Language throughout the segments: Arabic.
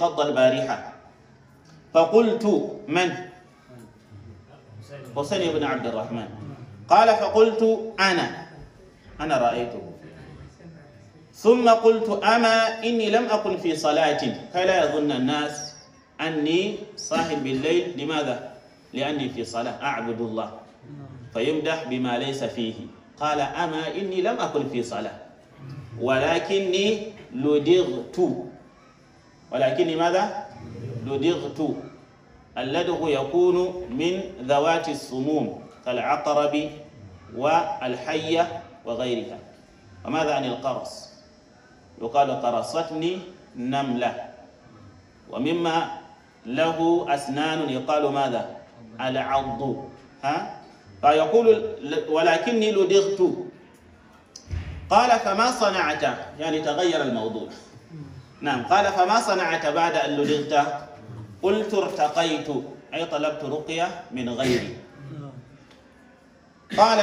قضى البارحة فقلت من حسين بن عبد الرحمن قال فقلت أنا أنا رأيته ثم قلت أما إني لم أكن في صلاة فلا يظن الناس أني صاحب بالليل لماذا؟ لأني في صلاة أعبد الله فيمدح بما ليس فيه قال أما إني لم أكن في صلاة ولكني لدغت ولكني ماذا لدغت اللدغ يكون من ذوات السموم كالعقرب والحية وغيرها وماذا عن القرص يقال قرصتني نملة ومما له أسنان يقال ماذا العض ها فيقول ولكني لدغت قال فما صنعت يعني تغير الموضوع نعم قال فما صنعت بعد أن لدغت قلت ارتقيت أي طلبت رقية من غيري قال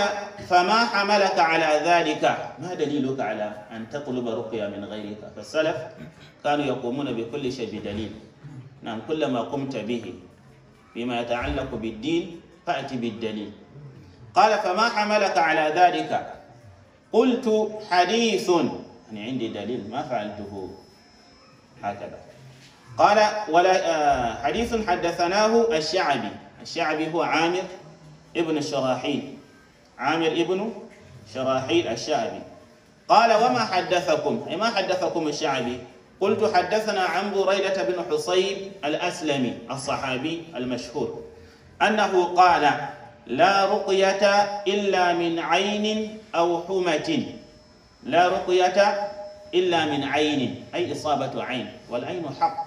فما حملك على ذلك ما دليلك على أن تطلب رقية من غيرك فالسلف كانوا يقومون بكل شيء بدليل نعم كلما قمت به بما يتعلق بالدين فأتي بالدليل قال فما حملك على ذلك قلت حديث يعني عندي دليل ما فعلته هكذا قال ولا آه، حديث حدثناه الشعبي الشعبي هو عامر ابن شراحيل عامر ابن شراحيل الشعبي قال وما حدثكم أي ما حدثكم الشعبي قلت حدثنا عن بريدة بن حصيب الأسلمي الصحابي المشهور أنه قال لا رقية إلا من عين أو حمة لا رقية إلا من عين أي إصابة عين والعين حق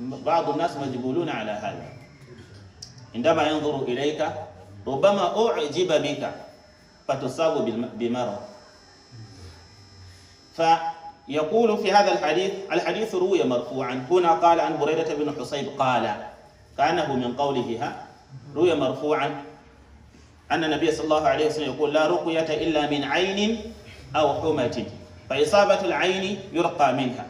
بعض الناس مجبولون على هذا عندما ينظر إليك ربما أعجب بك فتصاب بمرض فيقول في هذا الحديث الحديث روي مرفوعا هنا قال عن بريدة بن حصيب قال كأنه من قوله ها روي مرفوعا أن النبي صلى الله عليه وسلم يقول لا رقية إلا من عين أو حمة فإصابة العين يرقى منها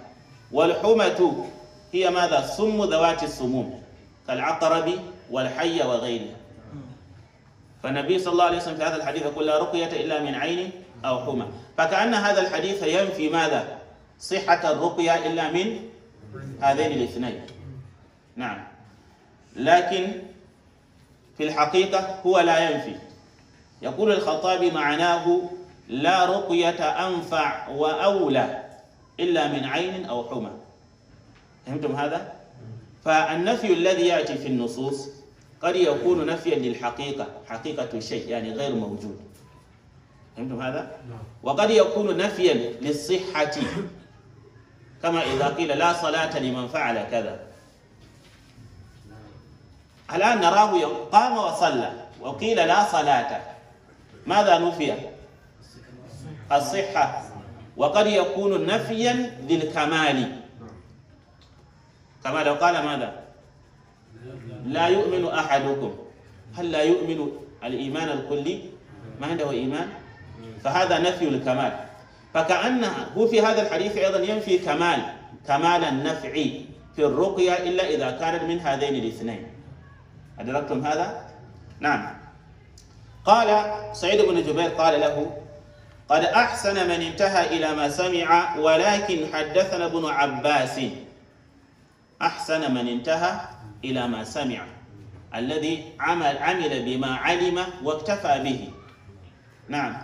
والحمة هي ماذا سم ذوات السموم كالعقرب والحية وغيرها فالنبي صلى الله عليه وسلم في هذا الحديث يقول لا رقية إلا من عين أو حمى فكأن هذا الحديث ينفي ماذا صحة الرقية إلا من هذين الاثنين نعم لكن في الحقيقة هو لا ينفي يقول الخطاب معناه لا رقية أنفع وأولى إلا من عين أو حمى فهمتم هذا؟ فالنفي الذي يأتي في النصوص قد يكون نفيا للحقيقة حقيقة الشيء يعني غير موجود فهمتم هذا؟ نعم. وقد يكون نفيا للصحة كما إذا قيل لا صلاة لمن فعل كذا الآن نراه قام وصلى وقيل لا صلاة ماذا نفي؟ الصحة وقد يكون نفيا للكمال كما لو قال ماذا لا يؤمن أحدكم هل لا يؤمن الإيمان الكلي ما عنده إيمان فهذا نفي الكمال فكأنه هو في هذا الحديث أيضا ينفي كمال كمال النفع في الرقية إلا إذا كانت من هذين الاثنين أدركتم هذا؟ نعم قال سعيد بن جبير قال له قد أحسن من انتهى إلى ما سمع ولكن حدثنا ابن عباس أحسن من انتهى إلى ما سمع الذي عمل عمل بما علم واكتفى به نعم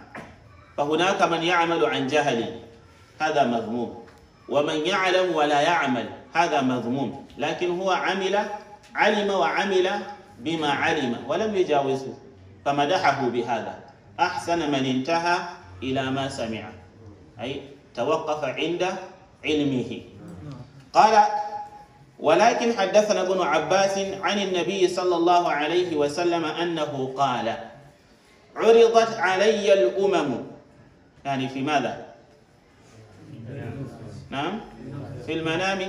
فهناك من يعمل عن جهل هذا مذموم ومن يعلم ولا يعمل هذا مذموم لكن هو عمل علم وعمل بما علم ولم يجاوزه فمدحه بهذا أحسن من انتهى إلى ما سمع أي توقف عند علمه قال ولكن حدثنا ابن عباس عن النبي صلى الله عليه وسلم أنه قال عرضت علي الأمم يعني في ماذا؟ نعم في المنام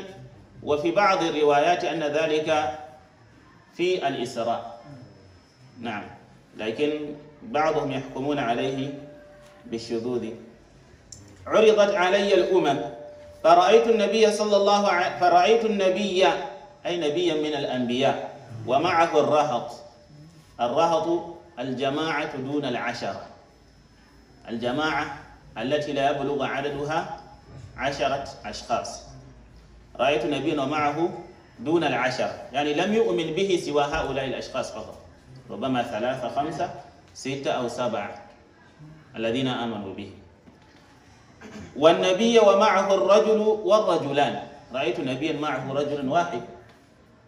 وفي بعض الروايات أن ذلك في الإسراء نعم لكن بعضهم يحكمون عليه بالشذوذ عرضت علي الأمم فرأيت النبي صلى الله ع... فرأيت النبي أي نبيا من الأنبياء ومعه الرهط الرهط الجماعة دون العشرة الجماعة التي لا يبلغ عددها عشرة أشخاص رأيت نبيا ومعه دون العشرة يعني لم يؤمن به سوى هؤلاء الأشخاص فقط ربما ثلاثة خمسة ستة أو سبعة الذين آمنوا به والنبي ومعه الرجل والرجلان رأيت نبيا معه رجل واحد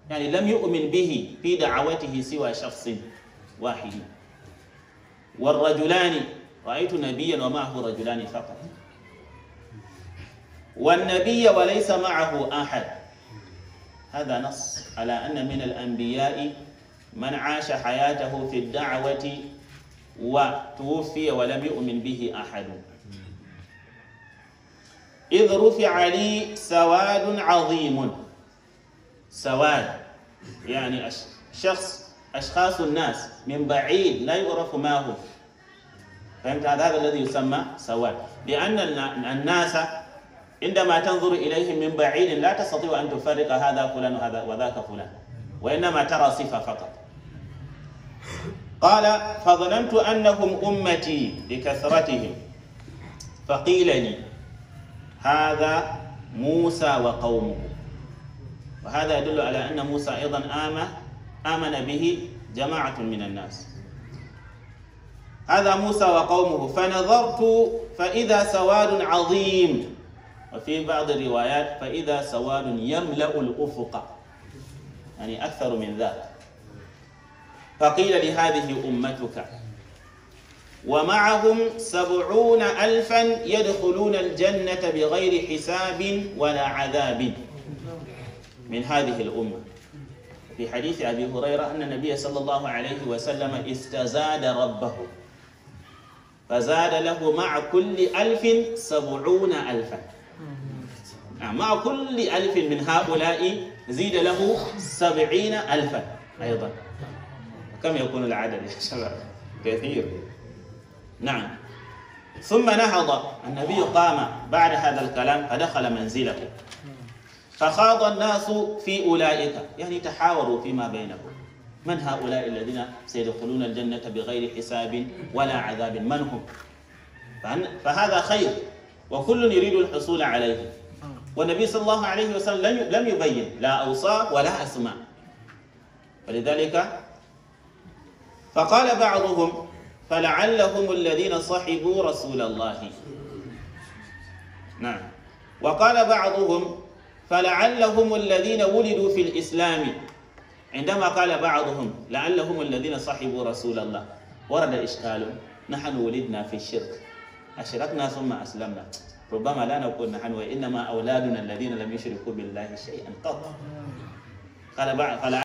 يعني لم يؤمن به في دعوته سوى شخص واحد والرجلان رأيت نبيا ومعه رجلان فقط والنبي وليس معه أحد هذا نص على أن من الأنبياء من عاش حياته في الدعوة وتوفي ولم يؤمن به أحد إذ رفع لي سواد عظيم سواد يعني شخص أشخاص الناس من بعيد لا يعرف ما هو فهمت هذا هذا الذي يسمى سواد لأن الناس عندما تنظر إليهم من بعيد لا تستطيع أن تفرق هذا فلان وهذا وذاك فلان وإنما ترى صفة فقط قال فظننت أنهم أمتي لكثرتهم فقيل لي هذا موسى وقومه وهذا يدل على أن موسى أيضا آمن آمن به جماعة من الناس هذا موسى وقومه فنظرت فإذا سواد عظيم وفي بعض الروايات فإذا سواد يملأ الأفق يعني أكثر من ذلك فقيل لهذه أمتك ومعهم سبعون ألفا يدخلون الجنة بغير حساب ولا عذاب من هذه الأمة في حديث أبي هريرة أن النبي صلى الله عليه وسلم استزاد ربه فزاد له مع كل ألف سبعون ألفا نعم، مع كل ألف من هؤلاء زيد له سبعين ألفا أيضا كم يكون العدد يا شباب كثير نعم ثم نهض النبي قام بعد هذا الكلام فدخل منزله فخاض الناس في أولئك يعني تحاوروا فيما بينهم من هؤلاء الذين سيدخلون الجنة بغير حساب ولا عذاب من هم فهذا خير وكل يريد الحصول عليه والنبي صلى الله عليه وسلم لم يبين لا أوصاف ولا أسماء ولذلك فقال بعضهم فلعلهم الذين صحبوا رسول الله نعم وقال بعضهم فلعلهم الذين ولدوا في الإسلام عندما قال بعضهم لعلهم الذين صحبوا رسول الله ورد إشكال نحن ولدنا في الشرك أشركنا ثم أسلمنا ربما لا نقول نحن وإنما أولادنا الذين لم يشركوا بالله شيئا قط قال بعض